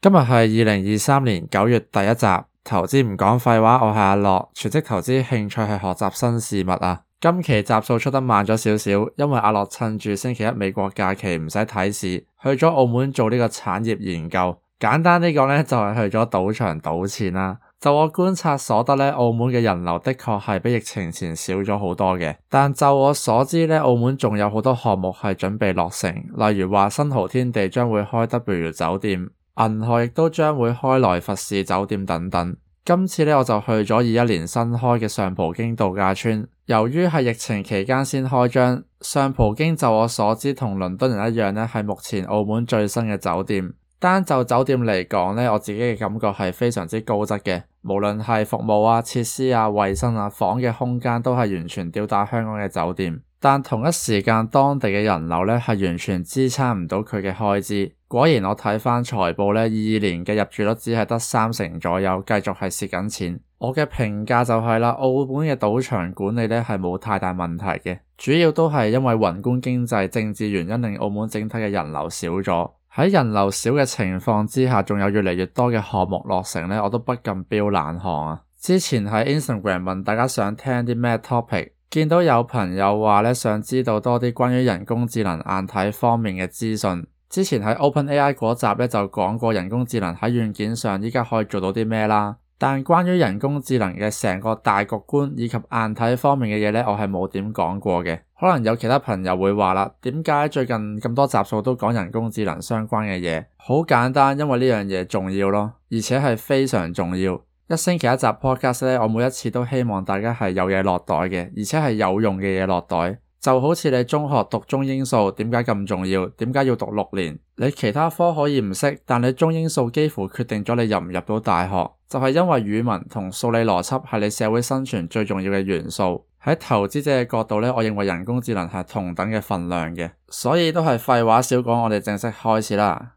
今日係二零二三年九月第一集，投資唔講廢話。我係阿樂，全職投資，興趣係學習新事物啊。今期集數出得慢咗少少，因為阿樂趁住星期一美國假期唔使睇市，去咗澳門做呢個產業研究。簡單啲講呢，就係去咗賭場賭錢啦。就我觀察所得呢，澳門嘅人流的確係比疫情前少咗好多嘅。但就我所知呢，澳門仲有好多項目係準備落成，例如話新濠天地將會開 W 酒店。銀河亦都將會開來佛士酒店等等。今次咧，我就去咗二一年新開嘅上葡京度假村，由於係疫情期間先開張，上葡京就我所知同倫敦人一樣咧，係目前澳門最新嘅酒店。單就酒店嚟講呢，我自己嘅感覺係非常之高質嘅，無論係服務啊、設施啊、衛生啊、房嘅空間都係完全吊打香港嘅酒店。但同一時間，當地嘅人流呢係完全支撐唔到佢嘅開支。果然我睇翻財報咧，二年嘅入住率只係得三成左右，繼續係蝕緊錢。我嘅評價就係、是、啦，澳門嘅賭場管理呢係冇太大問題嘅，主要都係因為宏觀經濟、政治原因令澳門整體嘅人流少咗。喺人流少嘅情況之下，仲有越嚟越多嘅項目落成呢，我都不禁飆冷汗啊！之前喺 Instagram 問大家想聽啲咩 topic。見到有朋友話想知道多啲關於人工智能硬體方面嘅資訊。之前喺 OpenAI 嗰集咧，就講過人工智能喺軟件上依家可以做到啲咩啦。但關於人工智能嘅成個大局觀以及硬體方面嘅嘢咧，我係冇點講過嘅。可能有其他朋友會話啦，點解最近咁多集數都講人工智能相關嘅嘢？好簡單，因為呢樣嘢重要咯，而且係非常重要。一星期一集 Podcast 咧，我每一次都希望大家係有嘢落袋嘅，而且係有用嘅嘢落袋。就好似你中學讀中英數，點解咁重要？點解要讀六年？你其他科可以唔識，但你中英數幾乎決定咗你入唔入到大學，就係因為語文同數理邏輯係你社會生存最重要嘅元素。喺投資者嘅角度咧，我認為人工智能係同等嘅分量嘅，所以都係廢話少講，我哋正式開始啦。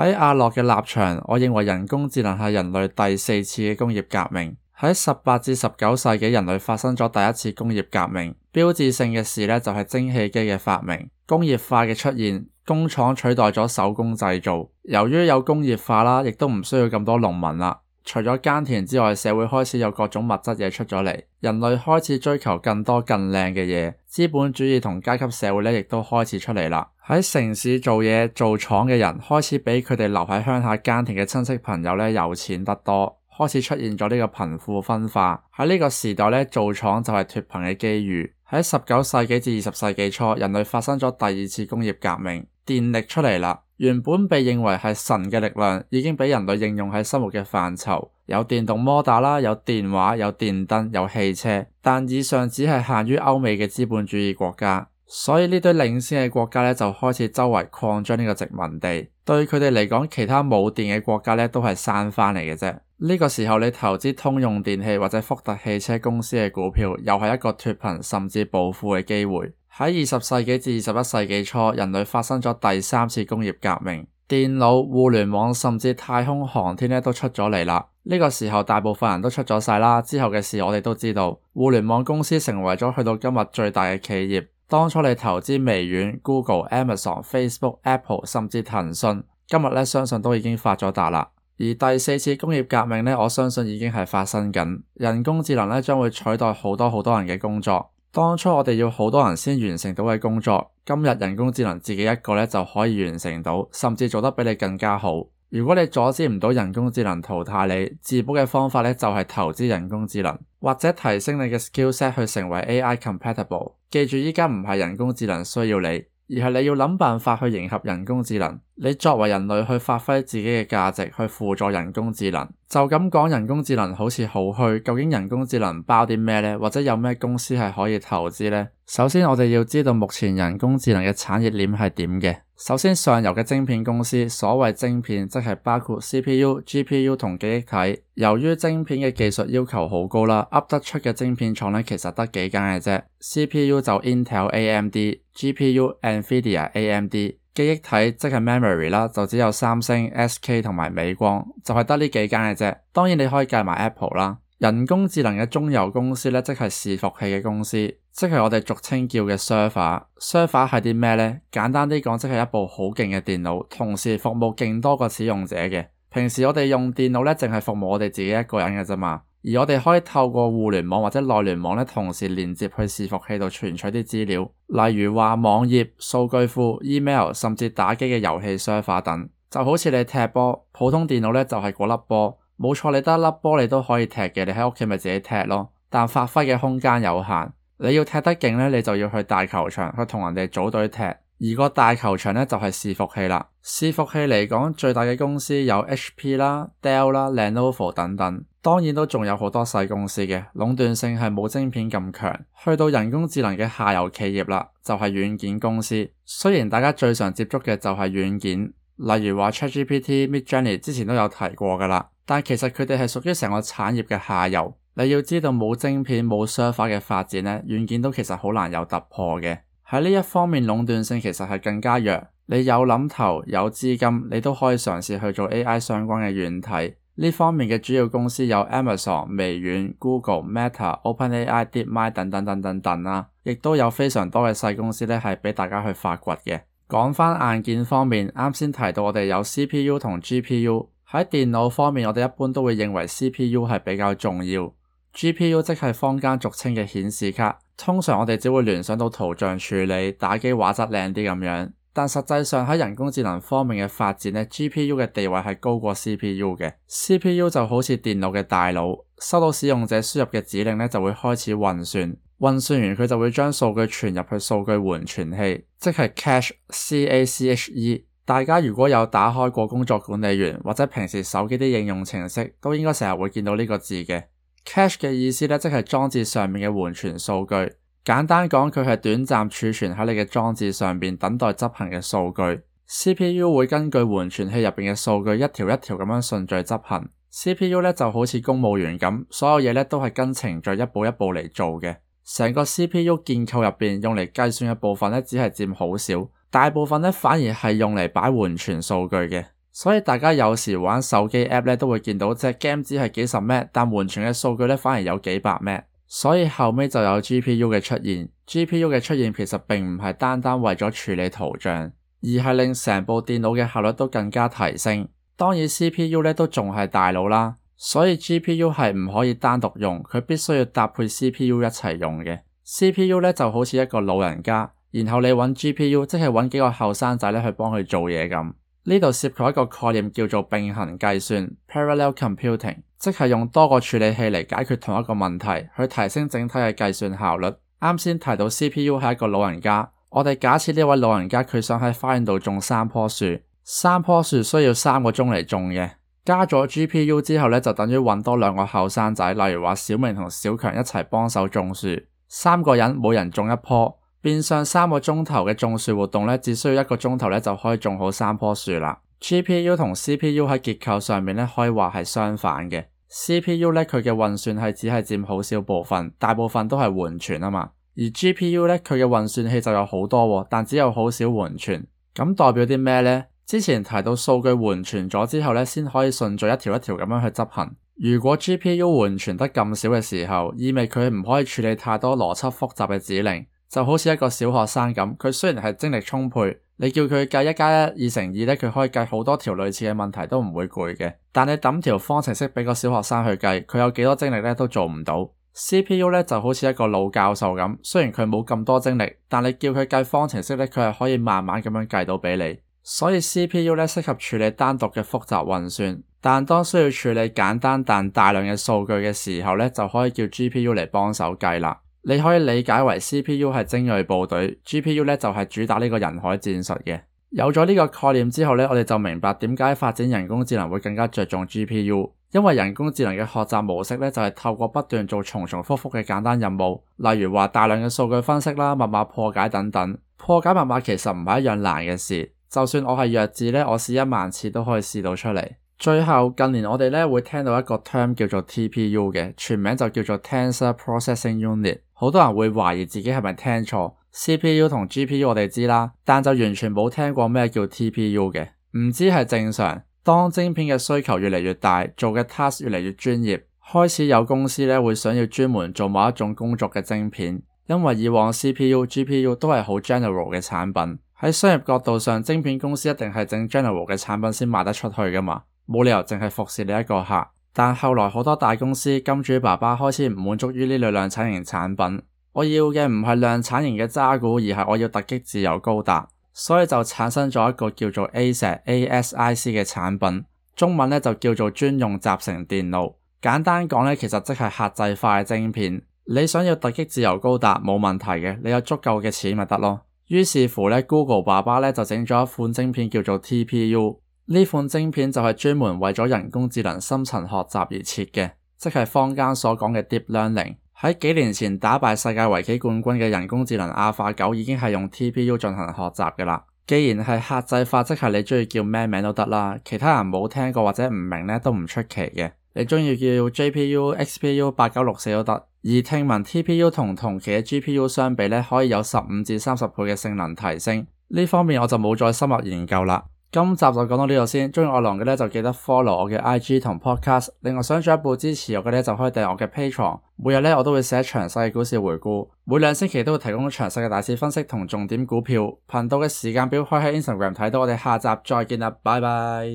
喺阿洛嘅立場，我認為人工智能係人類第四次嘅工業革命。喺十八至十九世紀，人類發生咗第一次工業革命，標誌性嘅事咧就係蒸汽機嘅發明、工業化嘅出現、工廠取代咗手工製造。由於有工業化啦，亦都唔需要咁多農民啦。除咗耕田之外，社會開始有各種物質嘢出咗嚟，人類開始追求更多更靚嘅嘢，資本主義同階級社會呢亦都開始出嚟啦。喺城市做嘢做廠嘅人開始比佢哋留喺鄉下耕田嘅親戚朋友呢有錢得多，開始出現咗呢個貧富分化。喺呢個時代呢，做廠就係脫貧嘅機遇。喺十九世紀至二十世紀初，人類發生咗第二次工業革命，電力出嚟啦。原本被認為係神嘅力量，已經俾人類應用喺生活嘅範疇，有電動摩打啦，有電話，有電燈，有汽車。但以上只係限於歐美嘅資本主義國家，所以呢堆領先嘅國家咧，就開始周圍擴張呢個殖民地。對佢哋嚟講，其他冇電嘅國家咧都係山返嚟嘅啫。呢、這個時候，你投資通用電器或者福特汽車公司嘅股票，又係一個脫貧甚至暴富嘅機會。喺二十世紀至二十一世紀初，人類發生咗第三次工業革命，電腦、互聯網甚至太空航天都出咗嚟啦。呢個時候，大部分人都出咗晒啦。之後嘅事我哋都知道，互聯網公司成為咗去到今日最大嘅企業。當初你投資微軟、Google、Amazon、Facebook、Apple，甚至騰訊，今日呢相信都已經發咗達啦。而第四次工業革命呢，我相信已經係發生緊，人工智能呢，將會取代好多好多人嘅工作。當初我哋要好多人先完成到嘅工作，今日人工智能自己一個咧就可以完成到，甚至做得比你更加好。如果你阻止唔到人工智能淘汰你，自保嘅方法就係投資人工智能，或者提升你嘅 skillset 去成為 AI compatible。記住，依家唔係人工智能需要你。而係你要諗辦法去迎合人工智能，你作為人類去發揮自己嘅價值，去輔助人工智能。就咁講人工智能好似好虛，究竟人工智能包啲咩呢？或者有咩公司係可以投資呢？首先我哋要知道目前人工智能嘅產業鏈係點嘅。首先，上游嘅晶片公司，所謂晶片即係包括 C P U、G P U 同記憶體。由於晶片嘅技術要求好高啦，up 得出嘅晶片廠咧其實得幾間嘅啫。C P U 就 Intel、A M D、G P U Nvidia、A M D，記憶體即係 memory 啦，就只有三星、S K 同埋美光，就係得呢幾間嘅啫。當然你可以計埋 Apple 啦。人工智能嘅中游公司呢，即係伺服器嘅公司。即係我哋俗稱叫嘅 server，server 係啲咩呢？簡單啲講，即係一部好勁嘅電腦，同時服務勁多個使用者嘅。平時我哋用電腦咧，淨係服務我哋自己一個人嘅啫嘛。而我哋可以透過互聯網或者內聯網咧，同時連接去伺服器度存取啲資料，例如話網頁、數據庫、email，甚至打機嘅遊戲 server 等。就好似你踢波，普通電腦咧就係嗰粒波，冇錯，你得粒波你都可以踢嘅，你喺屋企咪自己踢咯。但發揮嘅空間有限。你要踢得勁呢，你就要去大球場去同人哋組隊踢，而個大球場呢，就係伺服器啦。伺服器嚟講，最大嘅公司有 HP 啦、Dell 啦、Lenovo 等等，當然都仲有好多細公司嘅。壟斷性係冇晶片咁強，去到人工智能嘅下游企業啦，就係軟件公司。雖然大家最常接觸嘅就係軟件，例如話 ChatGPT、MidJourney 之前都有提過㗎啦，但其實佢哋係屬於成個產業嘅下游。你要知道，冇晶片、冇算法嘅發展咧，軟件都其實好難有突破嘅。喺呢一方面，壟斷性其實係更加弱。你有諗頭、有資金，你都可以嘗試去做 AI 相關嘅軟體。呢方面嘅主要公司有 Amazon、微軟、Google、Meta、OpenAI、DeepMind 等等等等啦、啊。亦都有非常多嘅細公司咧，係俾大家去發掘嘅。講返硬件方面，啱先提到我哋有 CPU 同 GPU。喺電腦方面，我哋一般都會認為 CPU 係比較重要。G P U 即係坊間俗稱嘅顯示卡，通常我哋只會聯想到圖像處理、打機畫質靚啲咁樣，但實際上喺人工智能方面嘅發展呢 G P U 嘅地位係高過 C P U 嘅。C P U 就好似電腦嘅大腦，收到使用者輸入嘅指令呢，就會開始運算，運算完佢就會將數據傳入去數據緩存器，即係 Cache C A C H E。大家如果有打開過工作管理員或者平時手機啲應用程式，都應該成日會見到呢個字嘅。Cache 嘅意思呢，即係裝置上面嘅緩存數據。簡單講，佢係短暫儲存喺你嘅裝置上面等待執行嘅數據。CPU 會根據緩存器入面嘅數據一條一條咁樣順序執行。CPU 呢就好似公務員咁，所有嘢呢都係跟程序一步一步嚟做嘅。成個 CPU 建構入面用嚟計算嘅部分呢，只係佔好少，大部分呢反而係用嚟擺緩存數據嘅。所以大家有時玩手機 app 咧，都會見到隻 game 只係幾十 mat，但緩存嘅數據咧反而有幾百 mat。所以後尾就有 GPU 嘅出現。GPU 嘅出現其實並唔係單單為咗處理圖像，而係令成部電腦嘅效率都更加提升。當然 CPU 咧都仲係大佬啦，所以 GPU 係唔可以單獨用，佢必須要搭配 CPU 一齊用嘅。CPU 咧就好似一個老人家，然後你揾 GPU，即係揾幾個後生仔咧去幫佢做嘢咁。呢度涉及一個概念叫做並行計算 （parallel computing），即係用多個處理器嚟解決同一個問題，去提升整體嘅計算效率。啱先提到 CPU 係一個老人家，我哋假設呢位老人家佢想喺花園度種三棵樹，三棵樹需要三個鐘嚟種嘅。加咗 GPU 之後呢，就等於搵多兩個後生仔，例如話小明同小強一齊幫手種樹，三個人每人種一棵。變相三個鐘頭嘅種樹活動咧，只需要一個鐘頭咧就可以種好三棵樹啦。G P U 同 C P U 喺結構上面咧，可以話係相反嘅。C P U 咧，佢嘅運算器只係佔好少部分，大部分都係緩存啊嘛。而 G P U 咧，佢嘅運算器就有好多，但只有好少緩存。咁代表啲咩咧？之前提到數據緩存咗之後咧，先可以順序一條一條咁樣去執行。如果 G P U 緩存得咁少嘅時候，意味佢唔可以處理太多邏輯複雜嘅指令。就好似一個小學生咁，佢雖然係精力充沛，你叫佢計一加一二乘二咧，佢可以計好多條類似嘅問題都唔會攰嘅。但你抌條方程式俾個小學生去計，佢有幾多精力咧都做唔到。C P U 咧就好似一個老教授咁，雖然佢冇咁多精力，但你叫佢計方程式咧，佢係可以慢慢咁樣計到俾你。所以 C P U 呢適合處理單獨嘅複雜運算，但當需要處理簡單但大量嘅數據嘅時候咧，就可以叫 G P U 嚟幫手計啦。你可以理解為 C P U 係精銳部隊，G P U 呢就係主打呢個人海戰術嘅。有咗呢個概念之後呢，我哋就明白點解發展人工智能會更加着重 G P U，因為人工智能嘅學習模式呢，就係透過不斷做重重複复嘅簡單任務，例如話大量嘅數據分析啦、密碼破解等等。破解密碼其實唔係一樣難嘅事，就算我係弱智呢，我試一萬次都可以試到出嚟。最後近年我哋呢會聽到一個 term 叫做 T P U 嘅，全名就叫做 Tensor Processing Unit。好多人會懷疑自己係咪聽錯，C P U 同 G P U 我哋知啦，但就完全冇聽過咩叫 T P U 嘅，唔知係正常。當晶片嘅需求越嚟越大，做嘅 task 越嚟越專業，開始有公司呢會想要專門做某一種工作嘅晶片，因為以往 C P U、G P U 都係好 general 嘅產品。喺商業角度上，晶片公司一定係整 general 嘅產品先賣得出去㗎嘛，冇理由淨係服侍你一個客。但後來好多大公司金主爸爸開始唔滿足於呢類量產型產品，我要嘅唔係量產型嘅渣古，而係我要突擊自由高達，所以就產生咗一個叫做 ASIC 嘅產品，中文呢就叫做專用集成電路。簡單講呢，其實即係客製化嘅晶片。你想要突擊自由高達冇問題嘅，你有足夠嘅錢咪得咯。於是乎呢，Google 爸爸呢就整咗一款晶片叫做 TPU。呢款晶片就係專門為咗人工智能深層學習而設嘅，即係坊間所講嘅 Deep Learning。喺幾年前打敗世界圍棋冠軍嘅人工智能阿法狗已經係用 TPU 進行學習嘅啦。既然係客製化，即係你中意叫咩名都得啦。其他人冇聽過或者唔明咧都唔出奇嘅。你中意叫 JPU、XPU、八九六四都得。而聽聞 TPU 同同期嘅 GPU 相比咧，可以有十五至三十倍嘅性能提升。呢方面我就冇再深入研究啦。今集就講到呢度先，中意我龍嘅呢，就記得 follow 我嘅 IG 同 podcast，另外想進一步支持我嘅呢，就可以訂我嘅 Patreon，每日呢，我都會寫詳細嘅股市回顧，每兩星期都會提供詳細嘅大市分析同重點股票，頻道嘅時間表可以喺 Instagram 睇到，我哋下集再見啦，拜拜。